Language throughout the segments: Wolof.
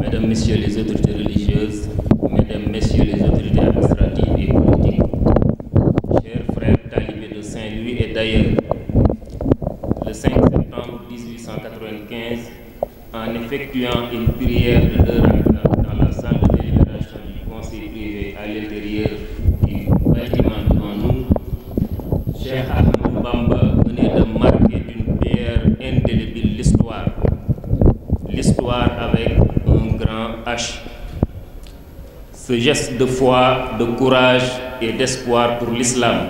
Mesdames, Messieurs les autorités religieuses, Mesdames, Messieurs les autorités administratives et politiques, chers frères talibés de Saint-Louis et d'ailleurs, le septembre en effectuant une prière de ce geste de foi, de courage et d'espoir pour l'islam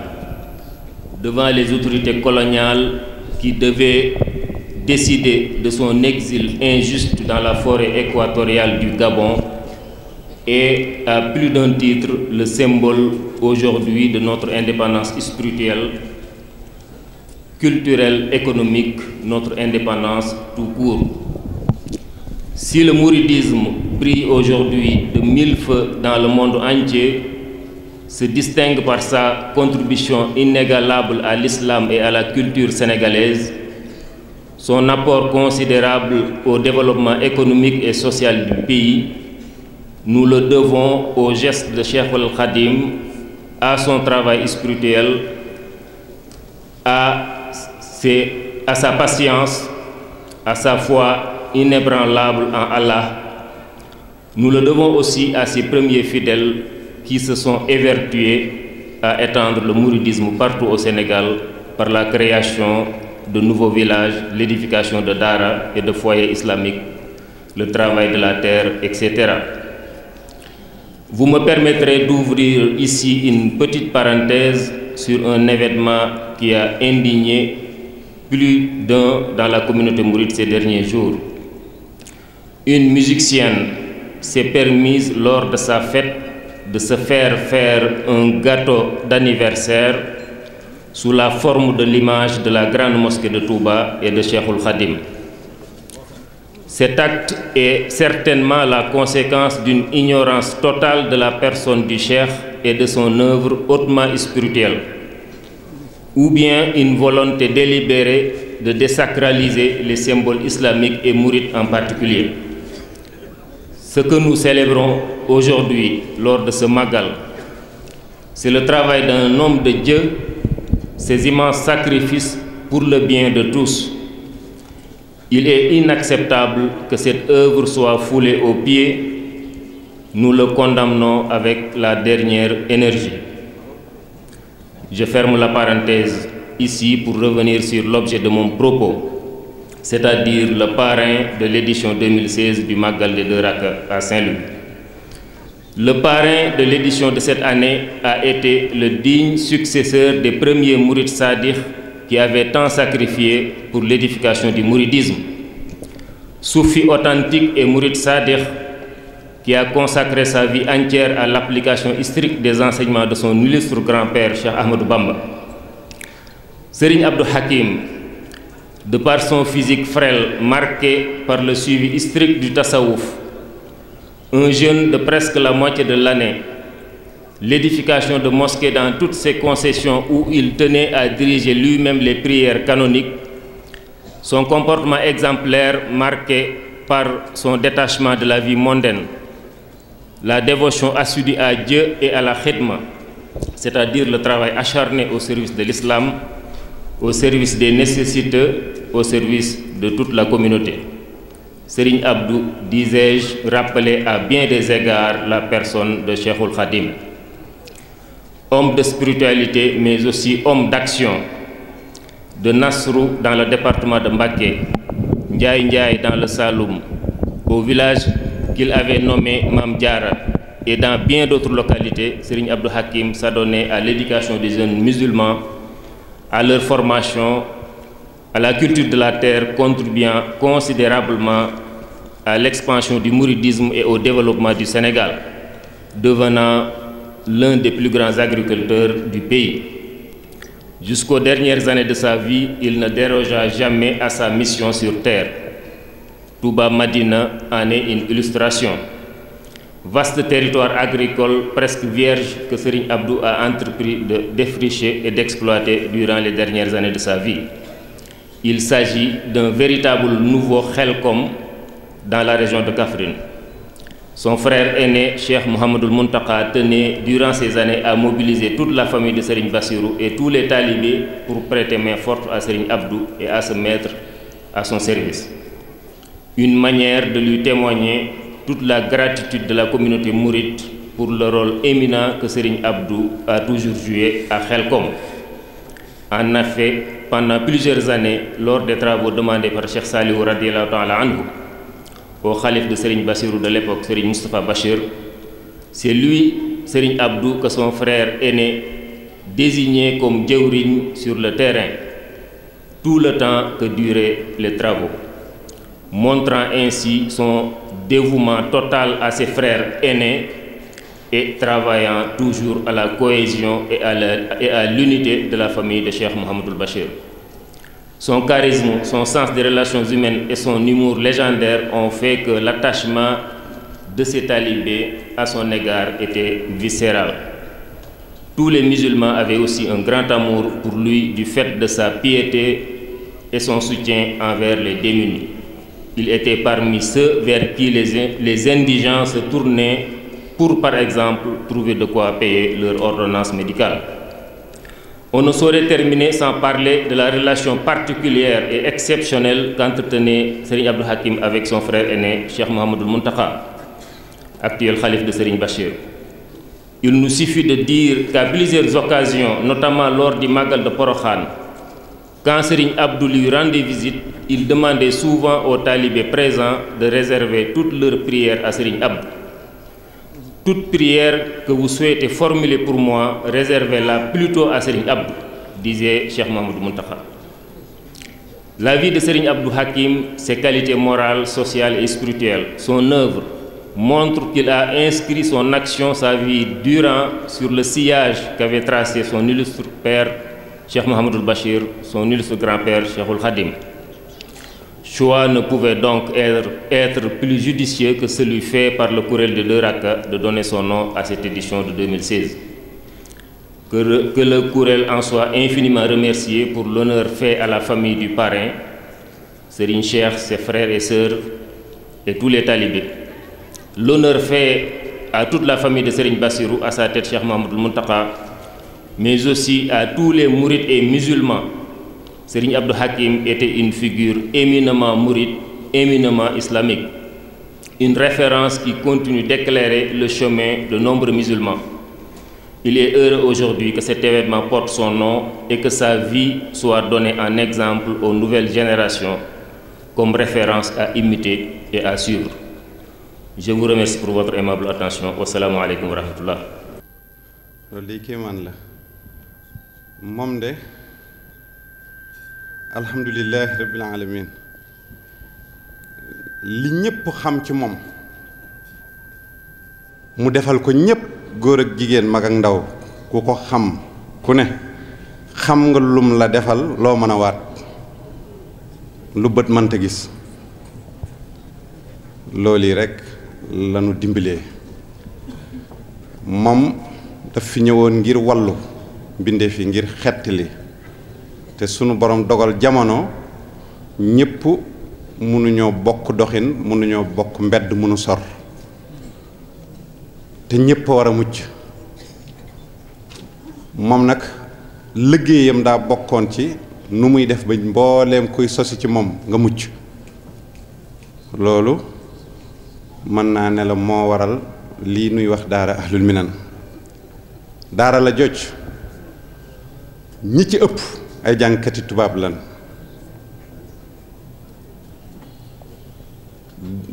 devant les autorités coloniales qui devaient décider de son exil injuste dans la forêt équatoriale du Gabon est à plus d'un titre le symbole aujourd'hui de notre indépendance spirituelle, culturelle, économique, notre indépendance tout court. Si le mouridisme brille aujourd'hui de mille feux dans le monde entier se distingue par sa contribution inégalable à l'islam et à la culture sénégalaise, son apport considérable au développement économique et social du pays. Nous le devons au geste de Cheikh Al-Khadim, à son travail spirituel, à, ses, à sa patience, à sa foi inébranlable en Allah Nous le devons aussi à ces premiers fidèles qui se sont évertués à étendre le mouridisme partout au Sénégal par la création de nouveaux villages, l'édification de dara et de foyers islamique le travail de la terre, etc. Vous me permettrez d'ouvrir ici une petite parenthèse sur un événement qui a indigné plus d'un dans la communauté mouride ces derniers jours. Une musicienne s'est permise lors de sa fête de se faire faire un gâteau d'anniversaire sous la forme de l'image de la grande mosquée de Touba et de Cheikhul Khadim. Cet acte est certainement la conséquence d'une ignorance totale de la personne du Cheikh et de son œuvre hautement spirituelle, ou bien une volonté délibérée de désacraliser les symboles islamiques et mourides en particulier. Ce que nous célébrons aujourd'hui lors de ce Magal, c'est le travail d'un homme de Dieu, ses immenses sacrifices pour le bien de tous. Il est inacceptable que cette œuvre soit foulée aux pieds. Nous le condamnons avec la dernière énergie. Je ferme la parenthèse ici pour revenir sur l'objet de mon propos. c'est-à-dire le parrain de l'édition 2016 du Magal des Deux Rakkas à Saint-Louis. Le parrain de l'édition de cette année a été le digne successeur des premiers mourides sadiques qui avaient tant sacrifié pour l'édification du mouridisme. Soufi authentique et mourid sadique qui a consacré sa vie entière à l'application stricte des enseignements de son illustre grand-père Cheikh Ahmadou Bamba. Serigne Abdou de par son physique frêle marqué par le suivi strict du tasawuf, un jeune de presque la moitié de l'année, l'édification de mosquées dans toutes ses concessions où il tenait à diriger lui-même les prières canoniques, son comportement exemplaire marqué par son détachement de la vie mondaine, la dévotion assidue à Dieu et à la khidma, c'est-à-dire le travail acharné au service de l'islam, au service des nécessiteux au service de toute la communauté. Serigne Abdou, disais-je, rappelait à bien des égards la personne de Cheikhul Khadim. Homme de spiritualité, mais aussi homme d'action, de Nasrou dans le département de Mbaké, Ndiaye Ndiaye dans le Saloum, au village qu'il avait nommé Mamdiara et dans bien d'autres localités, Serigne Abdou Hakim s'adonnait à l'éducation des jeunes musulmans, à leur formation à la culture de la terre contribuant considérablement à l'expansion du mouridisme et au développement du Sénégal, devenant l'un des plus grands agriculteurs du pays. Jusqu'aux dernières années de sa vie, il ne dérogea jamais à sa mission sur terre. Touba Madina en est une illustration. Vaste territoire agricole presque vierge que Serigne Abdou a entrepris de défricher et d'exploiter durant les dernières années de sa vie. il s'agit d'un véritable nouveau Khelkom dans la région de Kaffrine. Son frère aîné, Cheikh Mohamedou Muntaka, tenait durant ces années à mobiliser toute la famille de Serigne Bassirou et tous les talibés pour prêter main forte à Serigne Abdou et à se mettre à son service. Une manière de lui témoigner toute la gratitude de la communauté mourite pour le rôle éminent que Serigne Abdou à toujours juillet à Khelkom. En effet, pendant plusieurs années lors des travaux demandés par Cheikh Saliou radiallahu ta'ala anhu au khalife de Serigne Bassirou de l'époque, Serigne Moustapha Bachir. C'est lui, Serigne Abdou, que son frère aîné désigné comme Djawriñ sur le terrain, tout le temps que duraient les travaux, montrant ainsi son dévouement total à ses frères aînés et travaillant toujours à la cohésion et à l'unité de la famille de Cheikh Mohamed Bachir. Son charisme, son sens des relations humaines et son humour légendaire ont fait que l'attachement de ces talibés à son égard était viscéral. Tous les musulmans avaient aussi un grand amour pour lui du fait de sa piété et son soutien envers les démunis. Il était parmi ceux vers qui les indigents se tournaient pour, par exemple, trouver de quoi payer leur ordonnance médicale. On ne saurait terminer sans parler de la relation particulière et exceptionnelle qu'entretenait Serigne Abdou Hakim avec son frère aîné, Cheikh Mohamedoul Muntaka, actuel calife de Serigne Bachir. Il nous suffit de dire qu'à plusieurs occasions, notamment lors di Magal de Porokhan, quand Serigne Abdou lui rendait visite, il demandait souvent au talibés présents de réserver toutes leurs prières à Serigne Abdou. Toute prière que vous souhaitez formuler pour moi, réservez-la plutôt à Serigne Abdou, disait Cheikh Mahmoud Muntakha. La vie de Serigne Abdou Hakim, ses qualités morales, sociales et spirituelles, son œuvre montre qu'il a inscrit son action, sa vie durant sur le sillage qu'avait tracé son illustre père, Cheikh Mohamedoul Bachir, son illustre grand-père, Cheikhul Khadim. choix ne pouvait donc être, être plus judicieux que celui fait par le Courriel de l'Euraka de donner son nom à cette édition de 2016. Que, re, que en soit infiniment remercié pour l'honneur fait à la famille du parrain, Serine Cheikh, ses frères et sœurs et tous les talibés. L'honneur fait à toute la famille de Serine Bassirou, à sa tête Cheikh Mahmoud mais aussi à tous les mourides et musulmans Serigne Abdou Hakim était une figure éminemment mouride, éminemment islamique, une référence qui continue d'éclairer le chemin de nombreux musulmans. Il est heureux aujourd'hui que cet événement porte son nom et que sa vie soit donnée en exemple aux nouvelles générations comme référence à imiter et à suivre. Je vous remercie pour votre aimable attention. Wasalaamu aleykum wa rahmatullah. loolu de alhamdulilahi rabbil alamin li ñépp xam ci moom mu defal ko ñépp góor ak jigéen mag ak ndaw ku ko xam ku ne xam nga lum la defal loo mën a waat lu bët mënta gis loolu yi rekk lanu dimbalee moom daf fi ñëwoon ngir wallu mbindeef yi ngir xett li te sunu borom dogal jamono ñëpp mënuñoo bokk doxin mënuñoo bokk mbedd mënu sor te ñëpp war a mucc moom nag liggéeyam daa bokkoon ci nu muy def ba mbooleem kuy sosi ci moom nga mucc loolu mën naa ne moo waral lii nuy wax daara ahlul minan daara la joj ñi ci ëpp ay jàngkati tubaab lan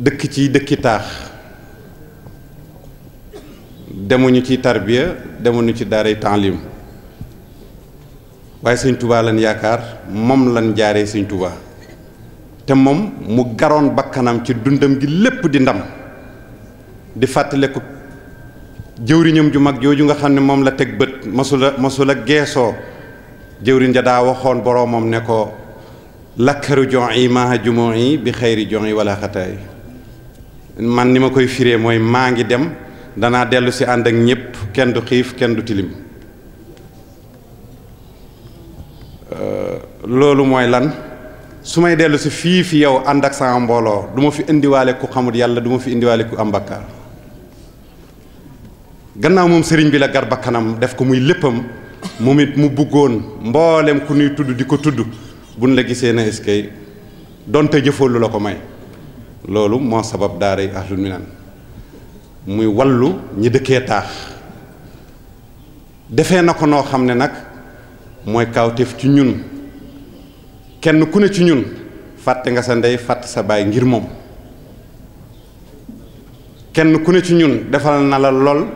dëkk ci dëkki taax demuñu ci tarbiya demuñu ci daaray taalim waaye sëñ tubaa lan yaakaar moom lan jaaree sëñ tubaa te moom mu garoon bakkanam ci dundam gi lépp di ndam di fàttaliku jëwriñam ju mag jooju nga xam ne moom la teg bët masula masula geesoo jëwriñ ja daa waxoon boroomam ne ko lakkaru jon yi maaha jumoo yi bi xayri jon yi wala xataay man ni ma koy firee mooy maa ngi dem danaa dellu si ànd ak ñépp kenn du xiif kenn du tilim euh, loolu mooy lan su may dellu si fii fi yow ànd ak sama mbooloo du ma fi indiwaale ku xamul yàlla du ma fi indiwaale ku am bakkaar gannaaw moom sëriñ bi la gar bakkanam def ko muy léppam moom it mu bëggoon mboolem ku nuy tudd di ko tudd buñ la gisee na eskay donte jëfoo la ko may loolu moo sabab daaray ahlul minan muy wallu ñi dëkkee taax defee na ko noo xam ne nag mooy kawteef ci ñun kenn ku ne ci ñun fàtte nga sa ndey fàtte sa baay ngir moom kenn ku ne ci ñun defal na la lool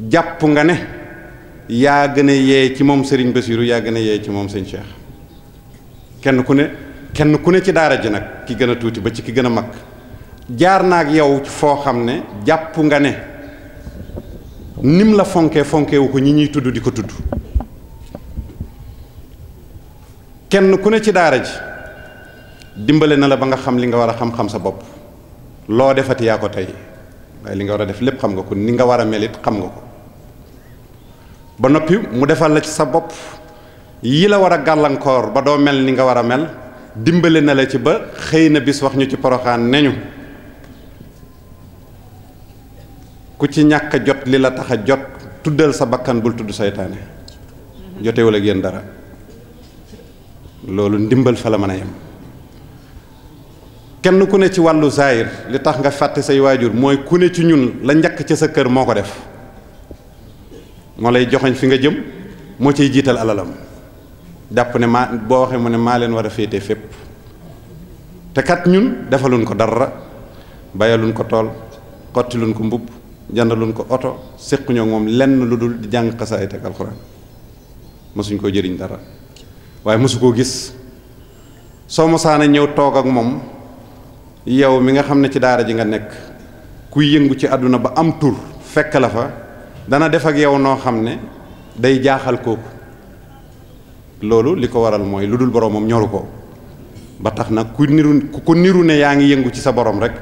jàpp nga ne yaa gën a yee ci moom Serigne Bassirou yaa yee ci moom sëñ kenn ku ne kenn ku ne ci daara ji nag ki gën a tuuti ba ci ki gën a mag jaar naa ak yow foo xam ne jàpp nga ne nim la fonkee fonkee ko ñi ñuy tudd di ko tudd kenn ku ne ci daara ji dimbale na la ba nga xam li nga war a xam-xam sa bopp loo defat yaa ko tey waaye li nga war a def lépp xam nga ko ni nga war a melit xam nga ko ba noppi mu defal la ci sa bopp yi la war a gàllankoor ba doo mel ni nga war a mel dimbale na la ci ba xëy na bis wax ñu ci poroxaan ne ñu ku ci ñàkk jot li la tax a jot tuddal sa bakkan bul tudd seytaane jotewul ak yéen dara loolu ndimbal fa la mën a yem kenn ku ne ci wàllu zaayir li tax nga fàtte say waajur mooy ku ne ci ñun la njëkk ci sa kër moo ko def moo lay joxoñ fi nga jëm moo ciy jiital alalam jàpp ne maa boo waxee mu ne maa leen war a féete fépp te kat ñun defaluñ ko dara bayaluñ ko tool xottiluñ ko mbubb jëndaluñ ko oto séquñoo moom lenn lu dul di jàng xasaay teg alxuraan mosuñ koo jëriñ dara waaye mosu koo gis soo mosaana ñëw toog ak moom yow mi nga xam ne ci daara ji nga nekk kuy yëngu ci àdduna ba am tur fekk la fa dana def ak yow noo xam ne day jaaxal kooku loolu li ko waral mooy lu dul boromam ñoru ko ba tax nag ku niru ku niru ne yaa ngi yëngu ci sa borom rek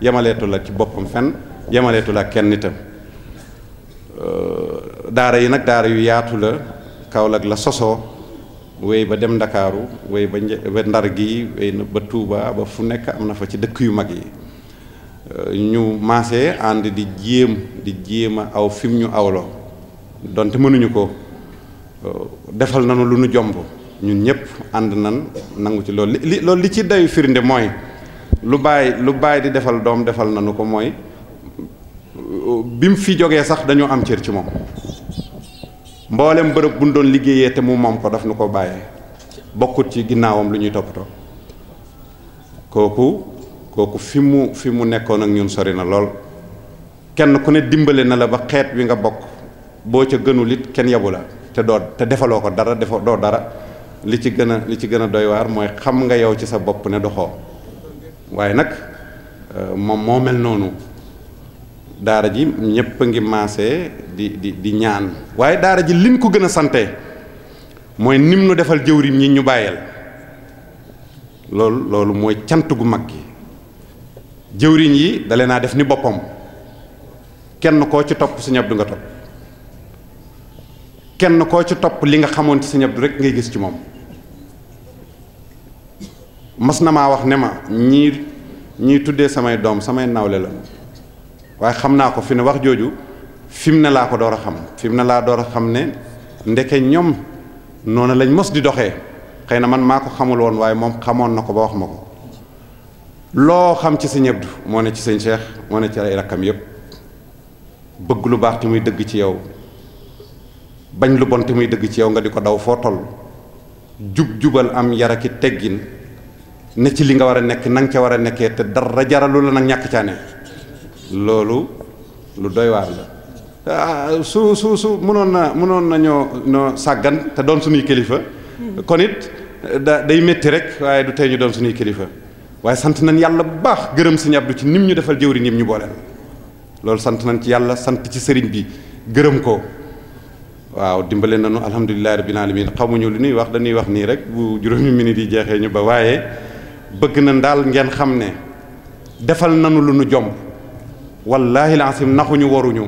yemaleetu la ci boppam fenn yemaleetu la kenn itam euh, daara yi nag daara yu yaatu la Kaolack la sosoo wéy ba dem ndakaaru wéy ba ba ndar gi wéy na ba Touba ba fu nekk am na fa ci dëkk yu mag yi Euh, ñu maase ànd di jéem di jéem a aw fi ñu awloo donte mënuñu ko euh, defal nanu lu ñu jomb ñun ñëpp ànd na nangu ci loolu li loolu li ci dayu firnde mooy lu bàyyi lu bàyyi di defal doom defal nanu ko mooy euh, bi mu fi jógee sax dañoo am cër ci moom mboolem bërëb bu ñu doon liggéeyee te mu moom ko daf nu ko bàyyee bokkut ci ginnaawam lu ñuy toppatoo kooku kooku fi mu fi mu nekkoon ak ñun sori na lool kenn ku ne dimbale na la ba xeet wi nga bokk boo ca gënul it kenn yabu la te doo te defaloo ko dara defoo doo dara li ci gën a li ci gën a doy waar mooy xam nga yow ci sa bopp ne doxoo waaye nag euh, moom moo mel noonu daara ji ñëpp a ngi maasee di di ñaan waaye daara ji lim ko gën a sante mooy nim nu defal jëwriñ ñi ñu bàyyeel loolu loolu mooy cant gu mag gi jëwriñ yi dale naa def ni boppam kenn koo ci topp Sëñ Abdu nga topp kenn koo ci topp li nga xamoon ci Sëñ Abdu rek ngay gis ci moom mas na maa wax ne ma ñii ñii tuddee samay doom samay nawle la waaye xam naa ko fi ne wax jooju fi mu ne laa ko door a xam fi mu ne laa door a xam ne ndeke ñoom noonu lañ mos di doxee xëy na man maa ko xamuloon waaye moom xamoon na ko ba wax ma ko loo xam ci sëñ Abdou moo ne ci sëñ Cheikh moo ne ci ay rakkam yépp bëgg lu baax te muy dëgg ci yow bañ lu bon te muy dëgg ci yow nga di ko daw foo toll jub jubal am yaraki teggin ne ci li nga war a nekk na nga ca war a nekkee te dara jaralu la nag ñàkk caane loolu lu doy waar la ah, su su su mënoon na mënoon na ñoo sàggan te doon suñuy kilifa hmm. kon it da day métti rek waaye du tey ñu doon suñuy kilifa waaye sant nañ yàlla bu baax gërëm si Abdou ci nim ñu defal jëwri nim ñu booleel loolu sant nañ ci yàlla sant ci sëriñ bi gërëm ko waaw dimbale nañu alhamdulilahi rabbil alamin xamuñu li ñuy wax dañuy wax nii rek bu juróomi ni di jeexee ñu ba waaye bëgg na daal ngeen xam ne defal nañu lu ñu jomb wallaahi laasim naxuñu waruñu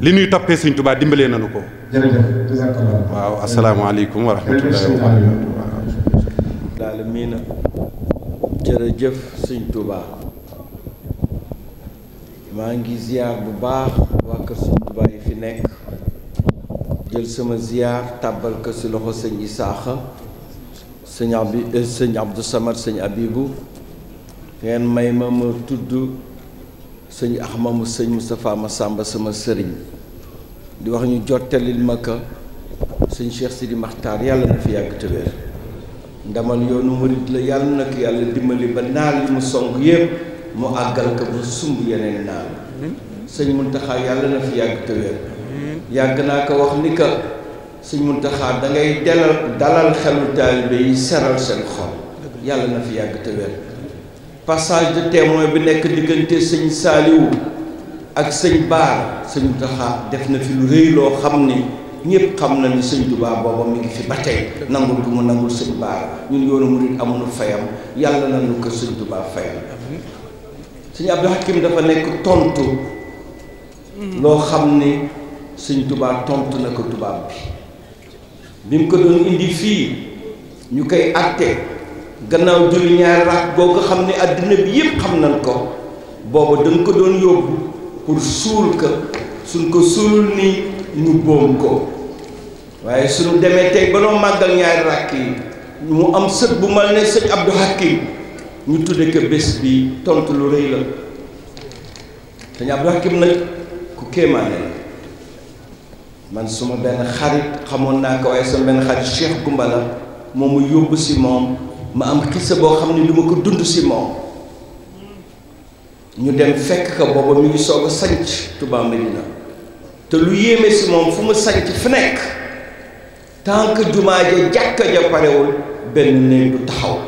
li ñuy toppee sëñ Tuubaa dimbalee nañu ko waaw asalaamaaleykum wa rahmatullahi wa barakatuh jërëjëf sëñ Touba maa ngi ziar bu baax waa kër sëñ yi fi nekk jël sama ziar tàbbal ko ci loxo sëñ Isaaxa sëñ Abi eh, sëñ Abdou Samad sëñ Abibu ngeen may ma ma tudd sëñ Axmamu sëñ Moustapha sàmba sama sëriñ di wax ñu jottalil ma ko sëñ Cheikh Sidi Makhtar yàlla na fi yàgg te ndamal yoonu murit la yàlla nag yàlla dimbali ba naal yi mu sonk yépp mu àggal ko bu sumb yeneen naal sëñ Muntaxa yàlla na fi yàgg te yàgg naa ko wax ni ka sëñ Muntaxa da ngay dalal xelu taalibe yi seral seen xol yàlla na fi yàgg te wér passage de bi nekk diggante sëñ Saaliwu ak sëñ Baar sëñ Muntaxa def na fi lu rëy loo xam ni ñépp xam nañ ni sëñ Tuubaa booba mi ngi fi ba tey nangul gu mu nangul sëñ Baara ñun yoonu murit amuñu fayam yàlla na ñu ko sëñ Tuubaa fayam sëñ Abdou Hakim dafa nekk tontu loo xam ne sëñ Tuubaa tontu na ko tubaab bi bi mu ko doon indi fii ñu koy àtte gannaaw julli ñaari raak boo ko xam ne àddina bi yëpp xam nañ ko booba dañ ko doon yóbbu pour suul ko suñ ko suulul nii ñu boom ko waaye suñu demee tey ba noo màggal ñaari ràkk yi mu am sët bu ma ne sëñ Abdou ñu tudde ko bés bi tontu lu rëy la sëñ Abdou Hakim nag ku kéemaane la man suma benn xarit xamoon naa ko waaye sama benn xarit Cheikh Gumba la moom mu yóbbu si moom ma am xisa boo xam ne du ma ko dund si moom ñu dem fekk ko booba mi ngi soog a sanc Touba Medina te lu yéeme si moom fu mu sanc fu nekk tant que jumaa ja jàkka ja parewul benn néeg du taxaw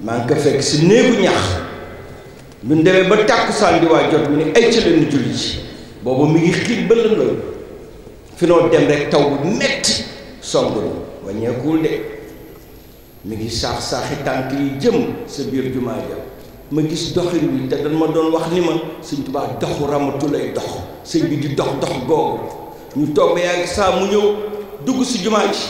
maa ngi ko fekk si néegu ñax ñu demee ba tàkkusaan di waa jot mu ni ay ci leen julli ji boobu mi ngi xiit ba lëndëm fi noo dem rek taw bu metti song na wàññeekuwul de mi ngi saax-saaxi tànk yi jëm sa biir jumaa ja ma gis doxin bi te dañ ma doon wax ni ma sëñ Tuubaa doxu ramatu lay dox sëñ bi di dox dox googu ñu toog ba yàgg saa mu ñëw dugg si jumaa ji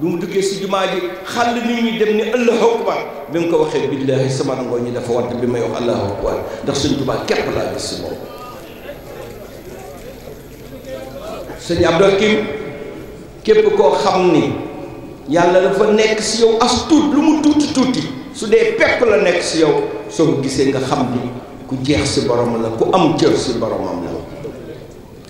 bi mu duggee si jumaa ji xàll nit ñi dem ni allahu akbar bi mu ko waxee billaahi sama rangoo ñi dafa wante bi may wax allahu akbar ndax sëñ Tuubaa képp laa gis si moom sëñ Abdou Kim képp koo xam ni yàlla dafa nekk si yow as tuut lu mu tuuti tuuti su dee pepp la nekk si yow soo ko gisee nga xam ni ku jeex si borom la ku am cër si boromam la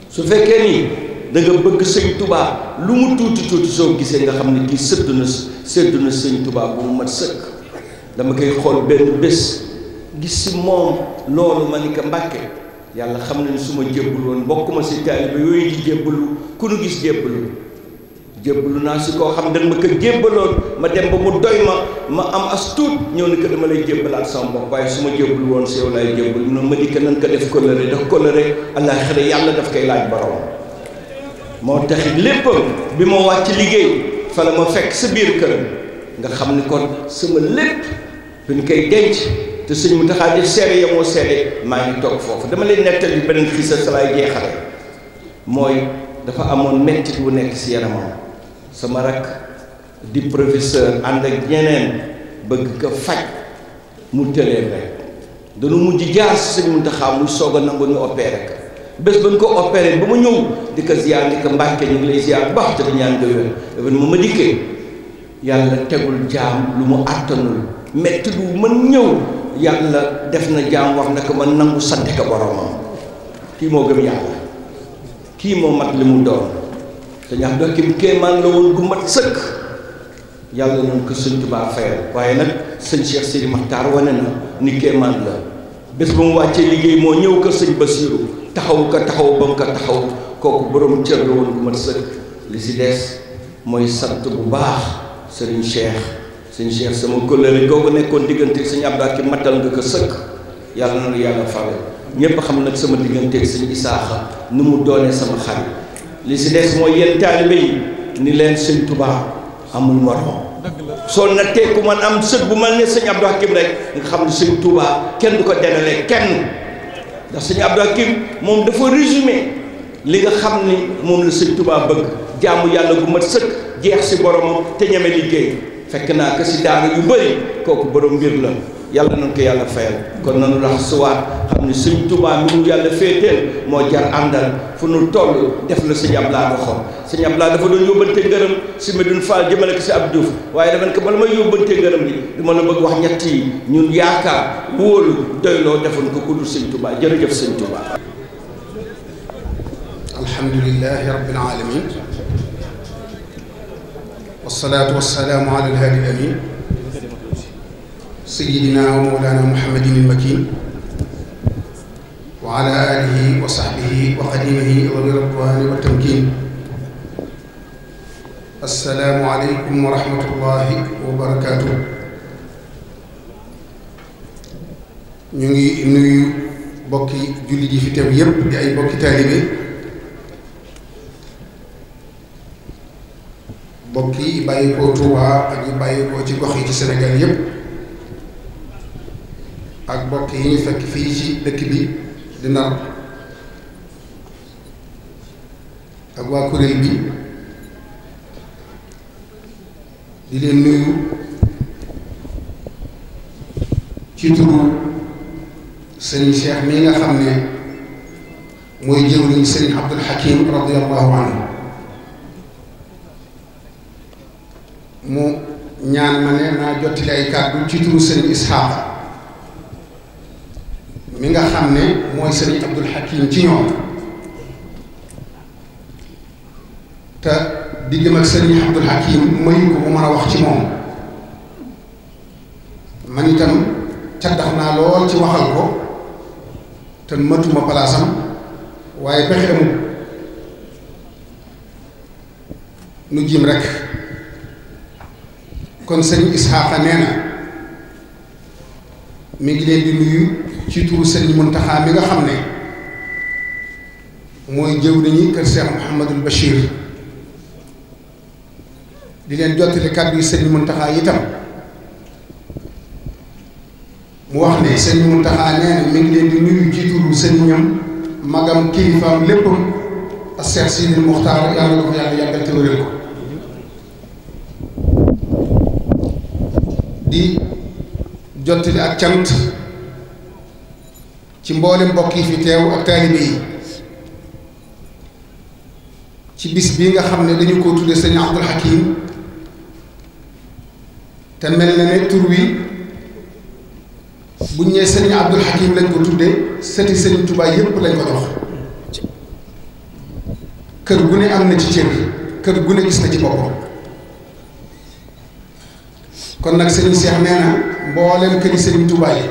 su fekkee nii da bëgg sëñ tubaa lu mu tuuti tuuti soo gisee nga xam ne kii sëdd na si sëdd na sëñ tubaab bu mu mat sëkk dama koy xool benn bés gis si moom loolu ma ni ko mbàkke yàlla xam na ne su ma jébbal woon mbokkuma ma si taaliba yooyu di jébbalu ku nu gis jébbalu jébbalu naa si koo xam dañ ma ko jébbaloon ma dem ba mu doy ma ma am as tuut ñëw ni ko dama lay jébbalaat sama bopp waaye su ma jébbal woon si yow laay jébbal mu ne ma ni ko nan ko def kolëre def kolëre àllaaxira yàlla daf koy laaj borom moo taxit lépp bi ma ci liggéey fa la ma fekk sa biir këram nga xam ni kon sama lépp bi ñu koy denc te sëñ mu taxaa di yamoo ya maa ngi toog foofu dama leen nettali beneen xiisa sa laay jeexale mooy dafa amoon mettit wu nekk si yaramam sama rak di professeur ànd ak ñeneen bëgg ko faj mu tëleen rek dañu mujj jaar si sëñ muy soog a nangu ñu opéré rek bés ba ñu ko opéré ba mu ñëw di ko ziar di ko mbàkke ñu lay ziar bu baax te di ñaan nga wér mu ma dikkee yàlla tegul jaam lu mu àttanul metti lu mën ñëw yàlla def na jaam wax na ko ma nangu sant ko boromam kii moo gëm yàlla kii moo mat li mu doon te ñax dokkim kéemaan la woon gu mat sëkk yàlla nañ ko sëñ Tuubaa fayal waaye nag sëñ Cheikh Sidi Maxtaar wane na ni kéemaan la bés ba mu wàccee liggéey moo ñëw kër sëñ Basiiru taxaw ka taxaw ba nga ko taxaw kooku borom cër la woon ku mat sëkk li si des mooy sant bu baax sëriñ Cheikh sëriñ Cheikh sama kóllëre googu nekkoon diggante sëñ Abdou ki matal nga ko sëkk yàlla na la yàlla fale ñépp xam nag sama diggante sëñ Isaaxa nu mu doonee sama xarit li si des mooy yéen taalibe yi ni leen sëñ Tuubaa amul morom soo nattee ku man am sët bu mel ne sëñ Abdou Hakim rek nga xam ne sëñ Tuubaa kenn du ko denale kenn ndax ab Abdou Hakim moom dafa résumé li nga xam ni moom la sëñ Tuubaa bëgg jaamu yàlla gu mat sëkk jeex si boromam te ñeme liggéey fekk naa ko si daara yu bëri kooku borom mbir la yàlla nañ ko yàlla fayal kon nanu lax suwaat xam ne suñ tubaa mi ñu yàlla féeteel moo jar àndal fu nu toll def na la sëñ Ablaye waxoon sëñ Ablaye dafa doon yóbbante ngërëm si Medoune Fall jëmale ko si ab Diouf waaye dafa ne ko bala may yóbbante ngërëm bi dama la bëgg wax ñett yi ñun yaakaar wóolu doyloo defoon ko ku dul sëñ tubaa jërëjëf sëñ tubaa alhamdulilahi rabbil alamin wasalaatu wasalaamu ala alhaadi alamin sayidina wa mawlana muhammadin almakin wa ala alihi wa saxbihi wa xadimihi wa bi radwaani wa tamkin assalaamu aleykum wa rahmatullahi wa barakaatu ñu ngi nuyu bokki jullit yi fi teew yépp di ay bokki taalibe mbokk yi bàyyi ko Touba ak yi bàyyi ko ci gox yi ci Sénégal yépp ak mbokk yi ñu fekk fii ci dëkk bi di Ndar ak waa kuréel bi di leen nuyu ci turu sëñ Cheikh xam ne mooy jëwriñ sëñ Abdul Hakim radiyallahu anhu mu ñaan ma ne naa jottali ay kàddu ci turu sëriñ Isxaaq mi nga xam ne mooy sëriñ Abdul Hakim ci ñoom te diggam ak sëriñ Abdul Hakim mayu ko mu mën a wax ci moom man itam caddax naa lool ci waxal ko te matuma palaasam waaye pexe amul nu jim rek kon sëriñ Isxaaqa nee na mi ngi leen di nuyu ci turu sëriñ Muntaxa mi nga xam ne mooy jëw nañu kër Cheikh Mouhamadul Bachir di leen jottali kàddu yi sëriñ yi tam mu wax ne sëriñ Muntaxa nee na mi ngi leen di nuyu ci turu sëriñam magam kilifaam léppam ak Cheikh Sidil Muxtaar yàlla na ko yàlla yàggal te jottali ak cant ci mboolem mbokk yi fi teew ak taalibe yi ci bis bii nga xam ne dañu ko tudde sëñ Abdul Hakim te mel na ne tur wi bu ñu nee sëñ Abdul Hakim lañ ko tudde sëti seen tubaay yépp lañ ko jox kër gu ne am na ci cër kër gu ne gis na ci boppam kon nag sëriñ Cheikh nee na mboolem këri sëriñ Touba yi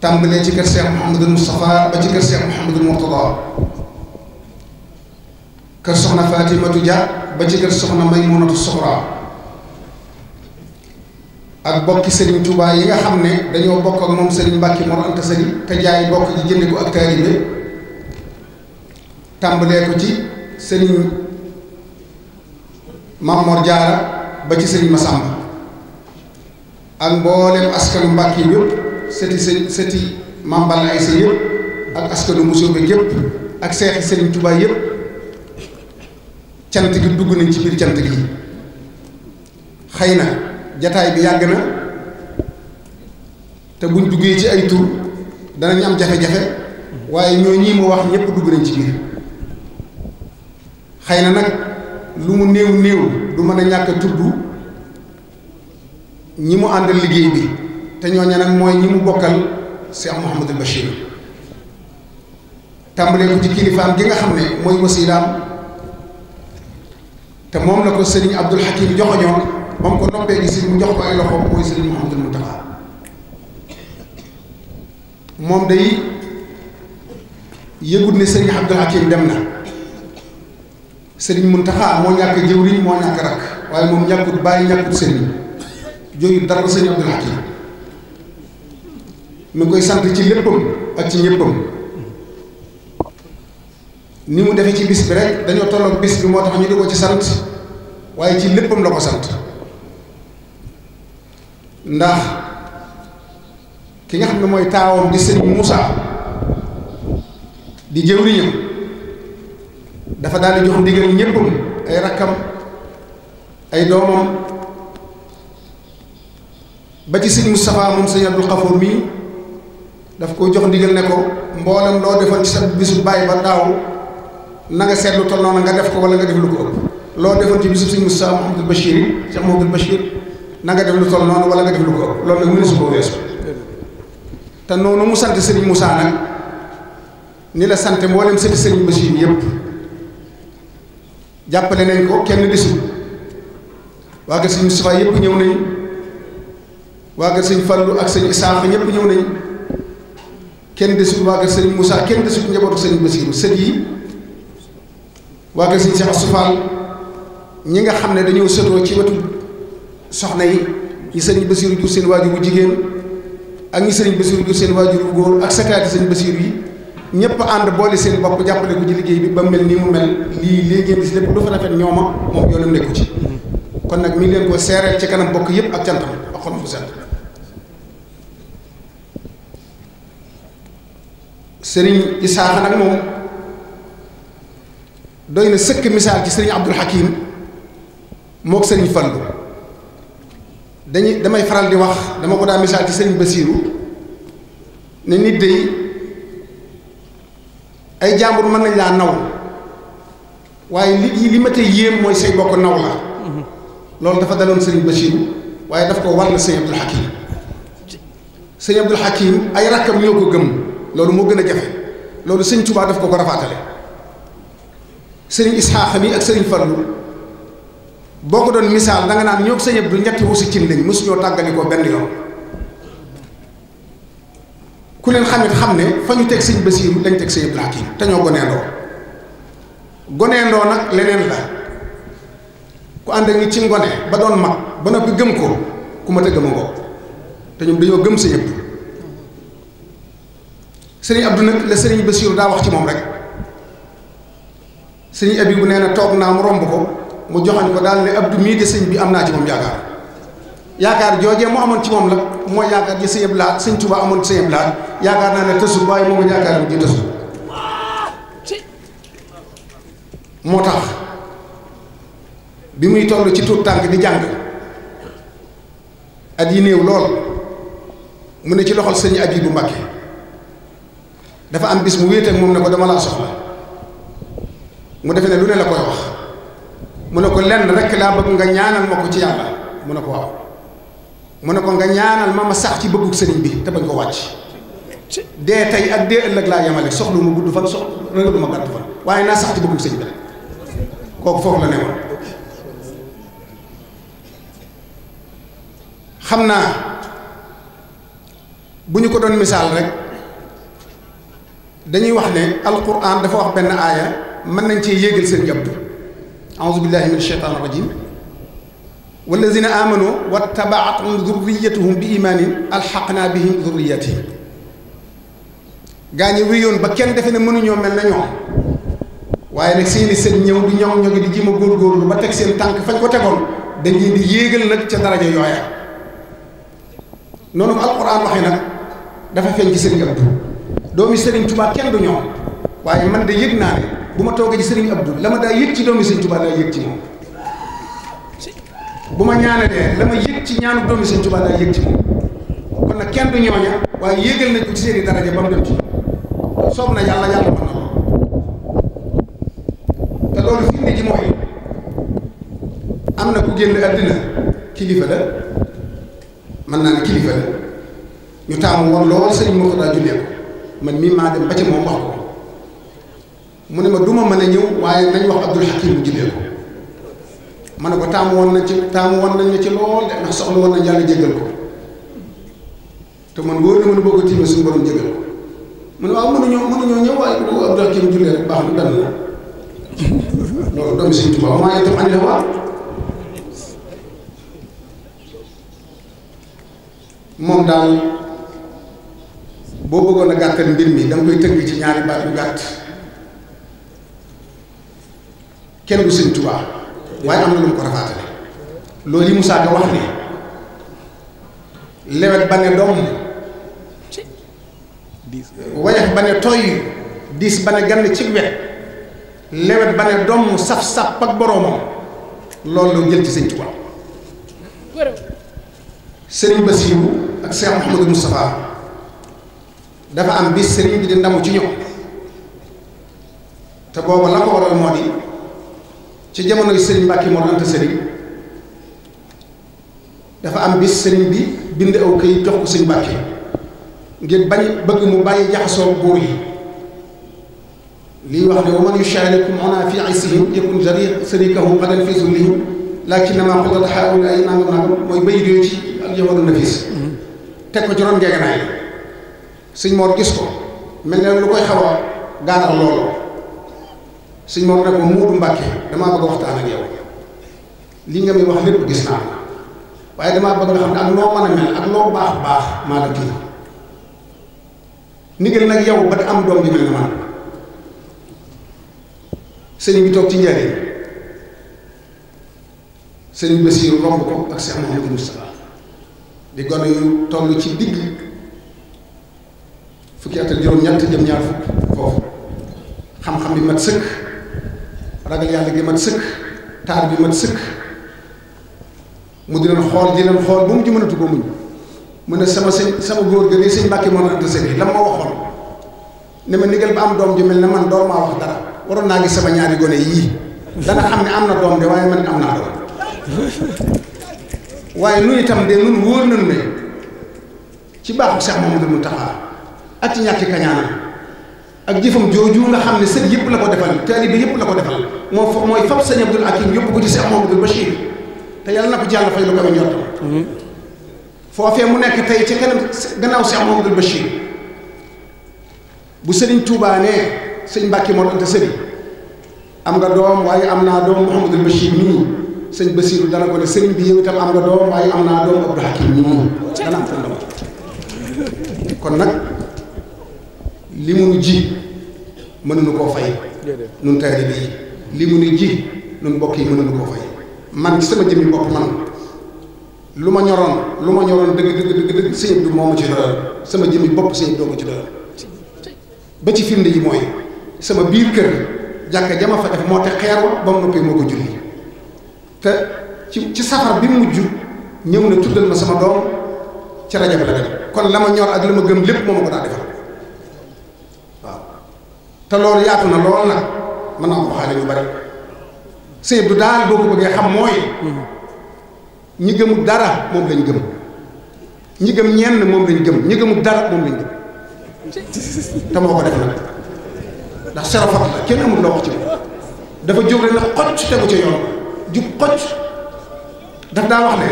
tàmbalee ci kër Cheikh Mouhamadul Moustapha ba ci kër Cheikh Mouhamadul Mourtada kër Soxna Fatimatu Dia ba ci kër Soxna Maymunatu Suxra ak bokki sëriñ Touba yi nga xam ne dañoo bokk ak moom sëriñ Mbàkke Mor Anta Sali te jaay bokk ji jënd ko ak taalibe tàmbalee ko ci sëriñ Mamor Diarra. ba ci sëriñ Masamba ak mboolem askanu Mbàkke yëpp sëti së sëti mambal ay sa yëpp ak askanu Musóobe yëpp ak seexi sëriñ Tuubaa yëpp cant gi dugg nañ ci biir cant gi xëy na jataay bi yàgg na te buñ duggee ci ay tur danañ am jafe-jafe waaye ñoo ñii mu wax ñëpp dugg nañ ci biir xëy na nag lu mu néew néew du mën a ñàkk a tudd ñi mu àndal liggéey bi te ñooñu nag mooy ñi mu bokkal Cheikh Mouhamadul Bachir tàmbalee ko ci kilifaam gi nga xam ne mooy wasilaam te moom la ko sëriñ Abdul Hakim joxoñoon ba ko noppee gis mu jox ko ay loxo mooy sëriñ Mouhamadul Mountakha moom day yëgut ne sëriñ Abdul Hakim dem na. sëriñ taxa moo ñàkk jëwriñ moo ñàkk rakk waaye moom ñàkkut bàyyi ñàkkut sëriñ jooyu dara sëriñ Abdul Hakim koy sant ci léppam ak ci ñéppam ni mu defee ci bis bi rek dañoo tolloon bis bi moo tax ñu di ci sant waaye ci léppam la ko sant ndax ki nga xam ne mooy taawam di sëriñ Moussa di jëwriñam dafa daal di jox ndigal ñëpp ay rakkam ay doomam ba ci sëñ Moustapha moom sëñ Abdul Xafoor mii daf ko jox ndigal ne ko mboolem loo defoon ci sa bisu bàyyi ba daaw na nga seetlu toll noonu nga def ko wala nga def ko loo defoon ci bisu sëñ Moustapha Mouhamadul Bachir na nga def lu toll noonu wala nga def ko loolu nag mënu si koo weesu te noonu musa sant sëriñ nag ni la sant mboolem sëti sëriñ Bachir yëpp jàppale nañ ko kenn desul waa kër sëñ Moustapha yëpp ñëw nañ waa kër sëñ Fallou ak sëñ Isaaxa ñëpp ñëw nañ kenn desul waa sëñ Moussa kenn desul njabootu sëñ Basiru sët yi waa kër sëñ ñi nga xam ne dañoo sëtoo ci wetu soxna yi ñi sëñ Basiru jur seen waajur bu jigéen ak ñi sëñ Basiru jur seen waajur bu góor ak sakaati sëñ Basiru yi ñépp ànd boole seen bopp jàppale ko ci liggéey bi ba mel ni mu mel lii lii ngeen gis lépp lu fa rafet ñoo ma moom yoonam nekku ci kon nag mi leen ko seereel ci kanam bokk yépp ak cantam ak xolam bu set Isaaxa nag moom doy na sëkk misaal ci sëriñ Abdul Hakim mook sëriñ Fallu dañuy damay faral di wax dama ko daa misaal ci sëriñ Basiiru ne nit day ay jàmbur mën nañ laa naw waaye li li ma tey yéem mooy say bokk naw la loolu dafa daloon sëriñ Bachir waaye daf ko war na sëñ Abdul Hakim sëñ Abdul Hakim ay rakkam ñoo ko gëm loolu moo gën a jafe loolu sëñ Touba daf ko ko rafaatale sëriñ Isxaaxa mi ak sëriñ Fallu boo ko doon misaal da nga naan ñoo sëñ Abdul ñetti wusi cin lañ mosuñoo tàggalikoo benn yoon ku leen xamit xam ne fa ñu teg sëñ Basiiru lañ teg sëñ Ibrahima te ñoo goneendoo goneendoo nag leneen la ku ànd ak ñi ci ngone ba doon mag ba noppi gëm ko ku ma te gëm ngoo te ñoom dañoo gëm sëñ Abdu sëriñ Abdu nag la sëriñ Basiiru daa wax ci moom rek sëriñ Abibu nee na toog naa mu romb ko mu joxañ ko daal ne Abdu mii de sëñ bi am naa ci moom yaakaar yaakaar joojee mu amoon ci moom la mooy yaakaar ji sëñ laa Ahad sëñ amoon ci laa yaakaar naa ne tësul waaye moom yaakaar ji tësul moo tax bi muy toll ci tuut tànk di jàng at yi néew lool mu ne ci loxol sëñ bu Mbàkke dafa am bis mu wéet ak moom ne ko dama laa soxla mu defe ne lu ne la koy wax mu ne ko lenn rekk laa bëgg nga ñaanal ma ci yàlla mu ne ko waaw mu ne ko nga ñaanal ma ma sax ci bëggu sëriñ bi te bañ ko wàcc dee tey ak dee ëllëg laa yemale soxlu ma gudd fan soxla rëngalu ma gàtt fan waaye naa sax ci bëggu sëriñ bi rek kooku foofu la newoon xam naa bu ñu ko doon misaal rek dañuy wax ne alquran dafa wax benn aaya mën nañ ci yéegal seen jàpp auzu billahi min shaytaan wallazina amanu wattabaatuhum zurriyatuhum bi imaanin alxaqnaa bihim zurriyatihim gaa ñi yoon ba kenn defe ne mënuñoo mel na ñoom waaye nag seeni sët ñëw di ñoŋ ñoŋi di jéem góor góorgóorlu ba teg seen tànk fañ ko tegoon dañ di yéegal nag ca daraja yooya noonu ko alquran waxee nag dafa feeñ ci sëriñ Abdou doomi sëriñ Tuubaa kenn du ñoom waaye man de yëg naa ne bu ma toogee ci sëriñ Abdou la ma daa yëg ci doomi sëriñ Tuubaa daa yëg ci moom bu ma ñaanalee la ma yëg ci ñaanu doomi si Tuubaa laa yëg ci moom kon nag kenn du ñooña waaye yéegal nañ ko ci seen i daraja ba mu dem soob na yàlla yàlla mën na ko te loolu la mën naa ne kilifa la ñu taamu woon lool sëñ Mourtada jullee ko man mii maa dem ba ci moom wax ko mu ne ma duma mën a ñëw waaye nañ wax Abdul Hakim mu jullee ma ne ko taamu woon na ci taamu woon na la ci lool de ndax soxla woon nañ yàlla jéggal ko te man wóor na mën boo ko tiimee suñu borom jéggal ko mu ne waaw mënuñoo mënuñoo ñëw waaye baax na benn la loolu doomi Sëriñ bëggoon a gàttal mbir mi da nga koy tënk ci ñaari baat yu gàtt kenn du Sëriñ Tuubaa waaye am na lu mu ko rafaatale loolu yi Moussa Ka wax ne lewet ba ne doom wayax ba ne tooy diis ba ne gann ci wet lewet ba ne doom saf saf ak boroomam loolu la jël ci sëñ Tuubaa sëriñ Basiiru ak Cheikh Mouhamadou Moustapha dafa am bis sëriñ bi di ndamu ci ñoom te booba la ko waral moo di ci jamonoy sëriñ Mbàkke Mor Anta Sëriñ dafa am bis sëriñ bi bind aw këyit jox ko sëñ ngir bañ bëgg mu bàyyi jaxasoo buur yi liy wax ne wa man yusharikum ona fi isihim yakun jari sërikahu xadan fi zullihim lakinnama xudat xaawul ay nangam nangam mooy bay doo ci ak yowalu nafis teg ko ci ron ngeeganaay sëñ Mor gis ko mel ne lu koy xaw a gaaral loolu suñ moom ne ko Muudu Mbàkke damaa bëgg waxtaan ak yow lii nga may wax lépp gis naa waaye damaa bëgg nga xam ne ak noo mën a mel ak loo baax baax maa la kii ndigal nag yow ba am doom man sëñ bi toog ci njariñ sëñ Basiiru romb ko ak Cheikh Mouhamadou Moustapha di gone yu toll ci digg fukki at ak ñett jëm ñaar fukk foofu xam-xam bi mat sëkk ragal yàlla gi mat sëkk taal bi mat sëkk mu di leen xool di leen xool ba mu ci mënatu ko muñ mu ne sama sëñ sama góor ga di sëñ Mbàkke moo naan sëkk la ma waxoon ma am doom ju mel ne man doom maa waroon naa gis sama ñaari gone yii dana xam ne am na doom de waaye man am naa doom waaye nu itam de nun wóor nañu ne ci baaxu Seex Mamadu Muntaxa at ci ñàkk kañaanam ak jëfam jooju nga xam ne sët yëpp la ko defal taalibe yëpp la ko defal moo mooy fab sëñ Abdul Hakim yóbbu ko ci Cheikh Mamadou Bachir te yàlla na ko ci yàlla fay lu kawe njortam foofee mu nekk tey ci kanam gannaaw Cheikh Mamadou Bachir bu sëriñ Touba nee sëñ Mbàkke moo ante sëriñ am nga doom waaye am naa doom Mouhamadou Bachir mii sëñ Basiru dana ko ne sëriñ bi yow itam am nga doom waaye am naa doom Abdul Hakim mii dana am kon nag li mu nu ji mënuñu koo fay nun mu nu ji nun mbokk yi mënuñu koo fay man ci sama jëmmi bopp man lu ma ñoroon lu ma ñoroon dëgg dëgg dëgg dëgg bi moo ci doyal sama jëmmi bopp sëñ bi doo ma ci doyal ba ci firnde yi mooy sama biir kër jàkka jama fa def moo te xeer ba mu noppee moo ko julli te ci ci safar bi mujj ñëw na tuddal ma sama doom ci rajab la kon la ma ñor ak la ma gëm lépp moo ma ko daa defal te loolu yaatu na lool nag mën na am waxaale yu bari sëy bu daal boo ko bëggee xam mooy ñi gëmul dara moom lañ gëm ñi gëm ñenn moom lañ gëm ñi gëmul dara moom lañ gëm te moo ko def nag ndax serofat la kenn amul loo wax ci moom dafa jóg rek nag xocc tegu ca yoon jub xocc daf daa wax ne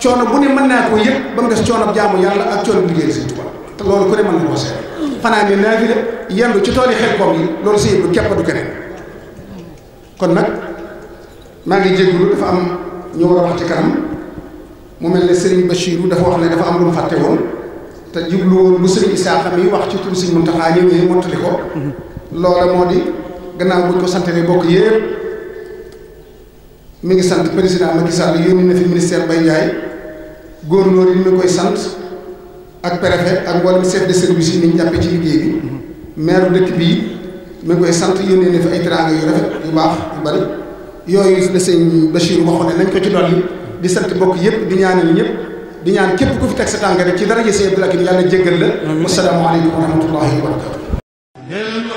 coono bu ne mën naa ko yëpp ba mu des coono jaamu yàlla ak coono bu liggéey si tubaab te loolu ku ne mën na ko seet xanaa fanaane naafila yendu ci tooli xel koom yi loolu sëñ bi képp du keneen kon nag maa ngi jégalu dafa am ñu war a wax ci kanam mu mel ne sëriñ Bachirou dafa wax ne dafa am lu mu fàtte woon te jublu woon bu sëriñ Isaaxa mi wax ci turu sëriñ Muntaxa ñëwee mottali ko loola moo di gannaaw buñ ko santalee bokk yëpp mi ngi sant président Macky Sall yónni na fi ministère Baye góor noor yi mi koy sant. ak préfet ak mboolem chef de service yi niñ jàppee ci liggéey bi maire dëkk bii mi ngi koy sant yónnee na fi ay teraanga yu rafet yu baax yu bari yooyu la sëñ Bachir waxoon ne nañ ko ci dolli di sant bokk yëpp di ñaanal ñëpp di ñaan képp ku fi teg sa tànk rek ci dara yi sëñ Abdou Lahat yàlla jéggal la. asalaamaaleykum wa rahmatullahi wa barakatu